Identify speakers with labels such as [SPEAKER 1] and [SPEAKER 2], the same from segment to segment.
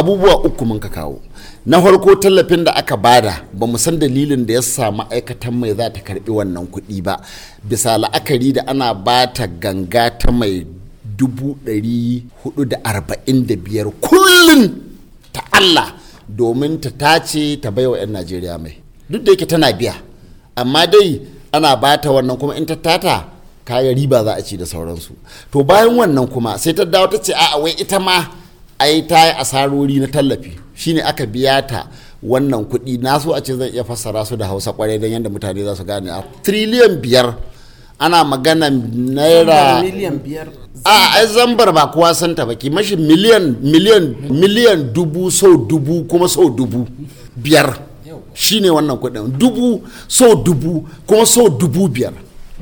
[SPEAKER 1] abubuwa uku mun ka kawo na farko tallafin da aka bada ba mu san dalilin da ya sa ma'aikatan mai za ta karbi wannan kuɗi ba bisa la'akari da ana ba ta ganga ta mai dubu ɗari hudu da arba'in da biyar kullum ta Allah domin ta tace ta baiwa 'yan Najeriya mai duk da yake tana biya amma dai ana ba ta wannan kuma in ta tata kaga riba za a ci da sauransu to bayan wannan kuma sai ta dawo ta ce a'a wai ita ma ai ta yi asarori na tallafi shine aka biya ta wannan kuɗi na so a ce zan iya fassara su da hausa kwarai don yadda mutane za su gane a triliyan biyar ana magana naira a ai zambar ba kowa san ta baki mashi miliyan miliyan miliyan dubu sau dubu kuma sau dubu biyar shine wannan kuɗin dubu sau dubu kuma sau dubu biyar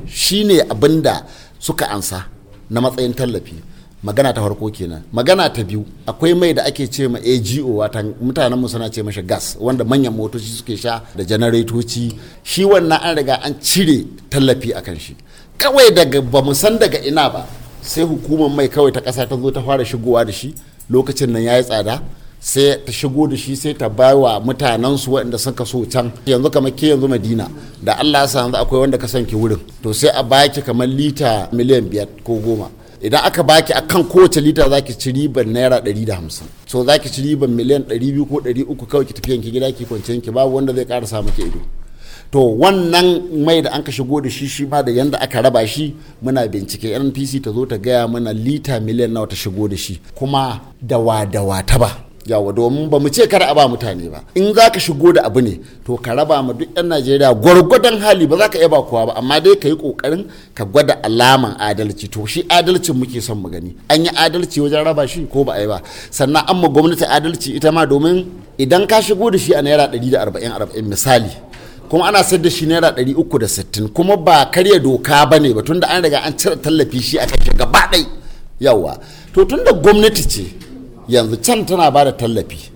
[SPEAKER 1] shine abinda suka ansa na matsayin tallafi magana ta farko kenan magana ta biyu akwai mai da ake ce ma AGO wata mutanen mu suna ce masa gas wanda manyan motoci suke sha da janaretoci shi wannan an riga an cire tallafi akan shi kawai daga ba mu san daga ina ba sai hukumar mai kawai ta kasa ta zo ta fara shigowa da shi lokacin nan yayi tsada sai ta shigo da shi sai ta bawa mutanen mutanensu waɗanda suka so can yanzu kamar ke yanzu madina da allah ya sa yanzu akwai wanda ka san ki wurin to sai a baki kamar lita miliyan biyar ko goma idan aka baki a kan kowace lita za ki ci ribar naira 150 so za ki ci ribar miliyan 200 ko 300 kawai ki tafi yanki gida ki kwance yanki babu wanda zai ƙara samu ke ido to wannan mai da an ka shigo da shi shi ba da yanda aka raba shi muna bincike npc ta zo ta gaya mana lita miliyan nawa ta shigo da shi kuma dawa dawa ta ba yawa domin ba mu ce kar a ba mutane ba in za ka shigo da abu ne to ka raba ma duk 'yan najeriya gwargwadon hali ba za ka iya ba kowa ba amma dai ka yi kokarin ka gwada alaman adalci to shi adalcin muke son mu gani an yi adalci wajen raba shi ko ba a yi ba sannan an ma gwamnati adalci ita ma domin idan ka shigo da shi a naira da 140 misali kuma ana sayar da shi naira uku da sittin kuma ba karya doka ba ne ba tunda an riga an cire tallafi shi a kashe gaba ɗai yawa to tunda gwamnati ce yanzu can tana ba da tallafi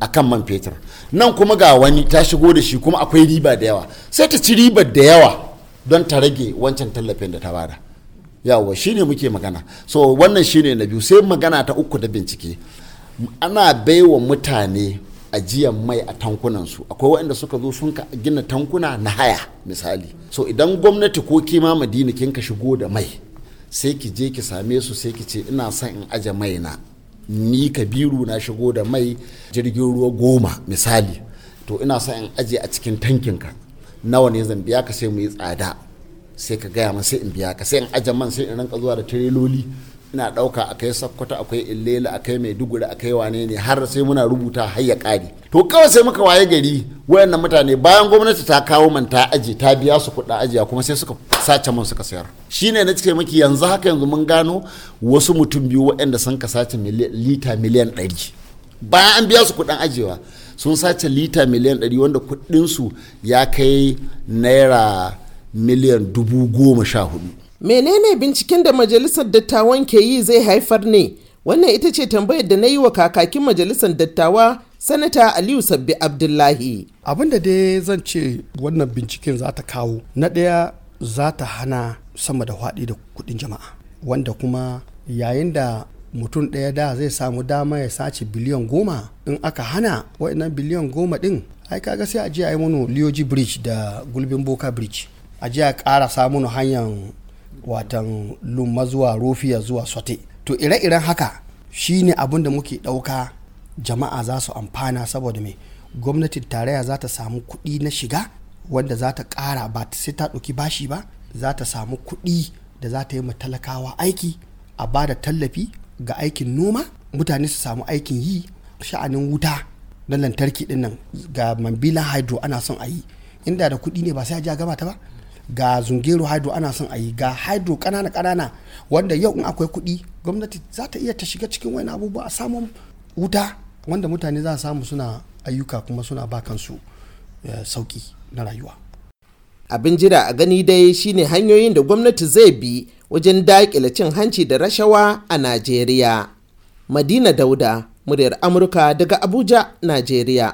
[SPEAKER 1] a kan man fetur nan kuma ga wani ta shigo da shi kuma akwai riba da yawa sai ta ci ribar da yawa don ta rage wancan tallafin da ta bada yawa ne muke magana so wannan shi ne na biyu sai magana ta uku da bincike ana baiwa mutane ajiyar mai a tankunansu akwai waɗanda suka zo sun gina tankuna na haya misali so idan gwamnati ko kima madina kin ka shigo da mai sai ki je ki same su sai ki ce ina son in aje mai na ni kabiru na shigo da mai jirgin ruwa goma misali to ina sa in aje a cikin tankinka nawa ne zan biya ka sai mu yi tsada sai ka gaya min sai in biya ka sai in aje man sai in rinka zuwa da tireloli ina ɗauka akai kai sakkwata akwai illela a kai maiduguri a wane ne har sai muna rubuta har ya ƙari to kawai sai muka waye gari wayannan mutane bayan gwamnati ta kawo man ta aji ta biya su kuɗa ajiya kuma sai suka sace man suka sayar shine na cike maki yanzu haka yanzu mun gano wasu mutum biyu waɗanda sun ka sace lita miliyan ɗari bayan an biya su kuɗin ajiyewa sun sace lita miliyan ɗari wanda kuɗinsu ya kai naira miliyan dubu goma sha hudu menene binciken
[SPEAKER 2] da majalisar dattawan ke yi zai haifar ne wannan ita ce tambayar da na yi wa kakakin majalisar dattawa sanata aliyu sabbi abdullahi abin da dai zan ce wannan binciken za ta kawo na ɗaya za ta hana sama da faɗi da kuɗin jama'a wanda kuma yayin da mutum ɗaya da zai samu dama ya sace biliyan goma in aka hana waɗannan biliyan goma ɗin ai kaga sai a je a yi mana liyoji bridge da gulbin boka bridge a je a ƙara samun hanyar watan lumma zuwa rufiya zuwa sote to ire-iren haka shine abin da muke ɗauka jama'a za su amfana saboda mai gwamnatin tarayya za ta samu kuɗi na shiga wanda za ta ƙara ba sai ta ɗauki bashi ba za ta samu kuɗi da za ta yi ma talakawa aiki a ba da tallafi ga aikin noma mutane su samu aikin yi sha'anin wuta na lantarki ɗin nan ga mambilan hydro ana son a yi inda da kuɗi ne ba sai a ji a gama ta ba ga zungero hydro ana son a yi ga hydro kanana kanana wanda yau in akwai kuɗi gwamnati za ta iya ta shiga cikin wani abubuwa a samun wuta wanda mutane za samu suna ayyuka kuma suna ba kansu eh, sauki na rayuwa abin jira a gani dai shine hanyoyin da gwamnati zai bi wajen daƙile cin hanci da rashawa a najeriya madina dauda muryar amurka daga abuja najeriya